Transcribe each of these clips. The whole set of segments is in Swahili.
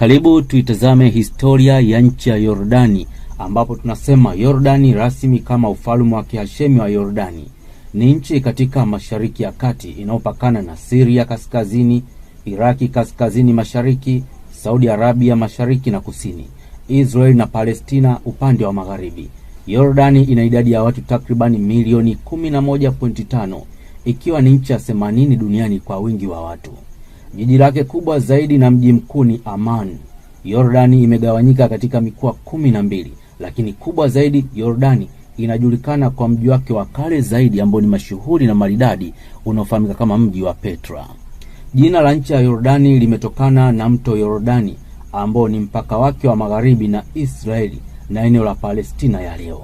Karibu tuitazame historia ya nchi ya Yordani, ambapo tunasema Yordani rasmi kama ufalme wa Kihashemi wa Yordani ni nchi katika Mashariki ya Kati inayopakana na Siria kaskazini, Iraki kaskazini mashariki, Saudi Arabia mashariki na kusini, Israeli na Palestina upande wa magharibi. Yordani ina idadi ya watu takribani milioni 11.5 ikiwa ni nchi ya 80 duniani kwa wingi wa watu. Jiji lake kubwa zaidi na mji mkuu ni Amman. Yordani imegawanyika katika mikoa kumi na mbili, lakini kubwa zaidi Yordani inajulikana kwa mji wake wa kale zaidi ambao ni mashuhuri na maridadi unaofahamika kama mji wa Petra. Jina la nchi ya Yordani limetokana na mto Yordani ambao ni mpaka wake wa magharibi na Israeli na eneo la Palestina ya leo.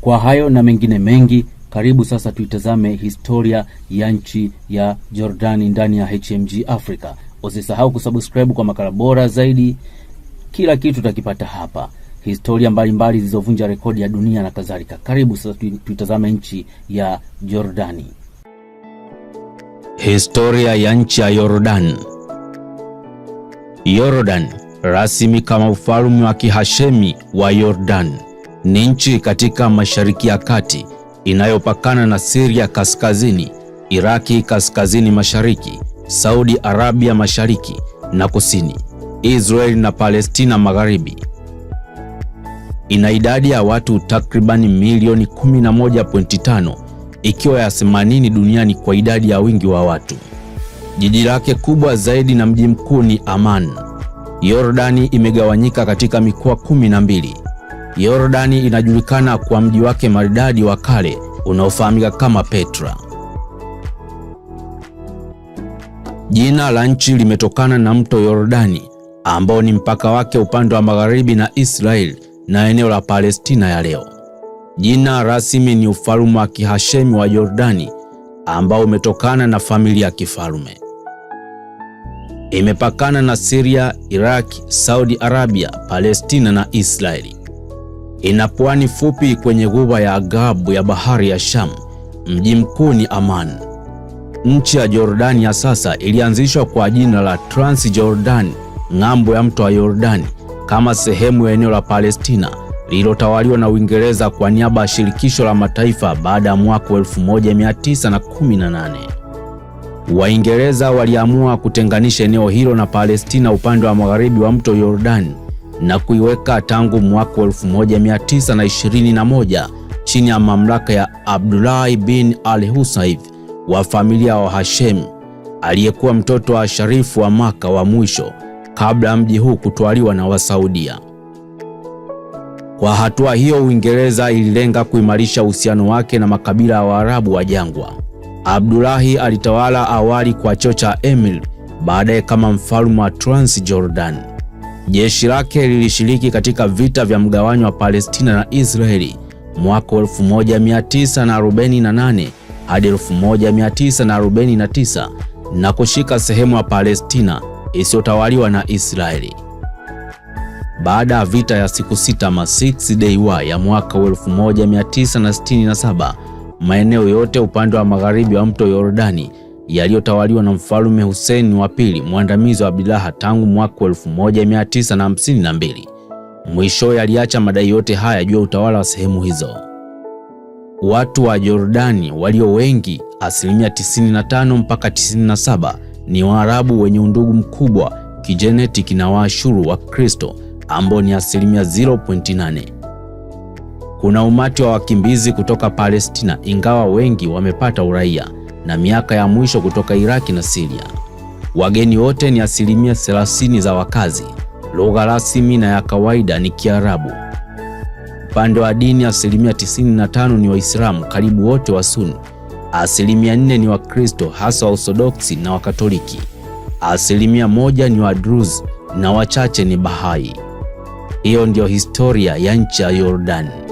Kwa hayo na mengine mengi karibu sasa tuitazame historia ya nchi ya Jordani ndani ya HMG Africa. Usisahau kusubscribe kwa makala bora zaidi. Kila kitu utakipata hapa, historia mbalimbali zilizovunja rekodi ya dunia na kadhalika. Karibu sasa tuitazame nchi ya Jordani. Historia ya nchi ya Yordan. Yordan rasmi kama ufalme wa Kihashemi wa Yordan ni nchi katika Mashariki ya Kati inayopakana na Siria kaskazini, Iraki kaskazini mashariki, Saudi Arabia mashariki na kusini, Israeli na Palestina magharibi. Ina idadi ya watu takribani milioni 11.5 ikiwa ya 80 duniani kwa idadi ya wingi wa watu. Jiji lake kubwa zaidi na mji mkuu ni Amman. Yordani imegawanyika katika mikoa 12 Yordani inajulikana kwa mji wake maridadi wa kale unaofahamika kama Petra. Jina la nchi limetokana na mto Yordani ambao ni mpaka wake upande wa magharibi na Israeli na eneo la Palestina ya leo. Jina rasmi ni ufalme wa Kihashemi wa Yordani ambao umetokana na familia ya kifalme. Imepakana na Siria, Iraki, Saudi Arabia, Palestina na Israeli ina pwani fupi kwenye ghuba ya Agabu ya bahari ya sham Mji mkuu ni Amman. Nchi ya Jordani ya sasa ilianzishwa kwa jina la Transjordan, ng'ambo ya mto wa Yordani, kama sehemu ya eneo la Palestina lililotawaliwa na Uingereza kwa niaba ya shirikisho la mataifa baada ya mwaka 1918. Waingereza waliamua kutenganisha eneo hilo na Palestina upande wa magharibi wa mto Yordani na kuiweka tangu mwaka 1921 chini ya mamlaka ya Abdullah bin al Husayf wa familia wa Hashem aliyekuwa mtoto wa sharifu wa Maka wa mwisho kabla mji huu kutwaliwa na Wasaudia. Kwa hatua hiyo, Uingereza ililenga kuimarisha uhusiano wake na makabila ya Waarabu wa jangwa. Abdulahi alitawala awali kwa cheo cha emir, baadaye kama mfalme wa Transjordan jeshi lake lilishiriki katika vita vya mgawanyo wa Palestina na Israeli mwaka 1948 hadi 1949 na kushika sehemu ya Palestina isiyotawaliwa na Israeli. Baada ya vita ya siku sita ma Six Day War ya mwaka 1967, maeneo yote upande wa magharibi wa mto Yordani yaliyotawaliwa na mfalume Hussein wa pili mwandamizi wa Abdulaha tangu mwaka 1952. Mwishowe aliacha madai yote haya juu ya utawala wa sehemu hizo. Watu wa Jordani walio wengi, asilimia 95 mpaka 97, ni Waarabu wenye undugu mkubwa kijenetiki na Waashuru wa Kristo ambao ni asilimia 0.8. Kuna umati wa wakimbizi kutoka Palestina, ingawa wengi wamepata uraia na miaka ya mwisho kutoka Iraki na Siria. Wageni wote ni asilimia 30 za wakazi. Lugha rasmi na ya kawaida ni Kiarabu. Upande wa dini, asilimia 95 ni Waislamu, karibu wote wa Sunni. Asilimia 4 ni Wakristo, hasa Waorthodoksi na Wakatoliki. Asilimia moja ni Wadruz na wachache ni Bahai. Hiyo ndiyo historia ya nchi ya Yordani.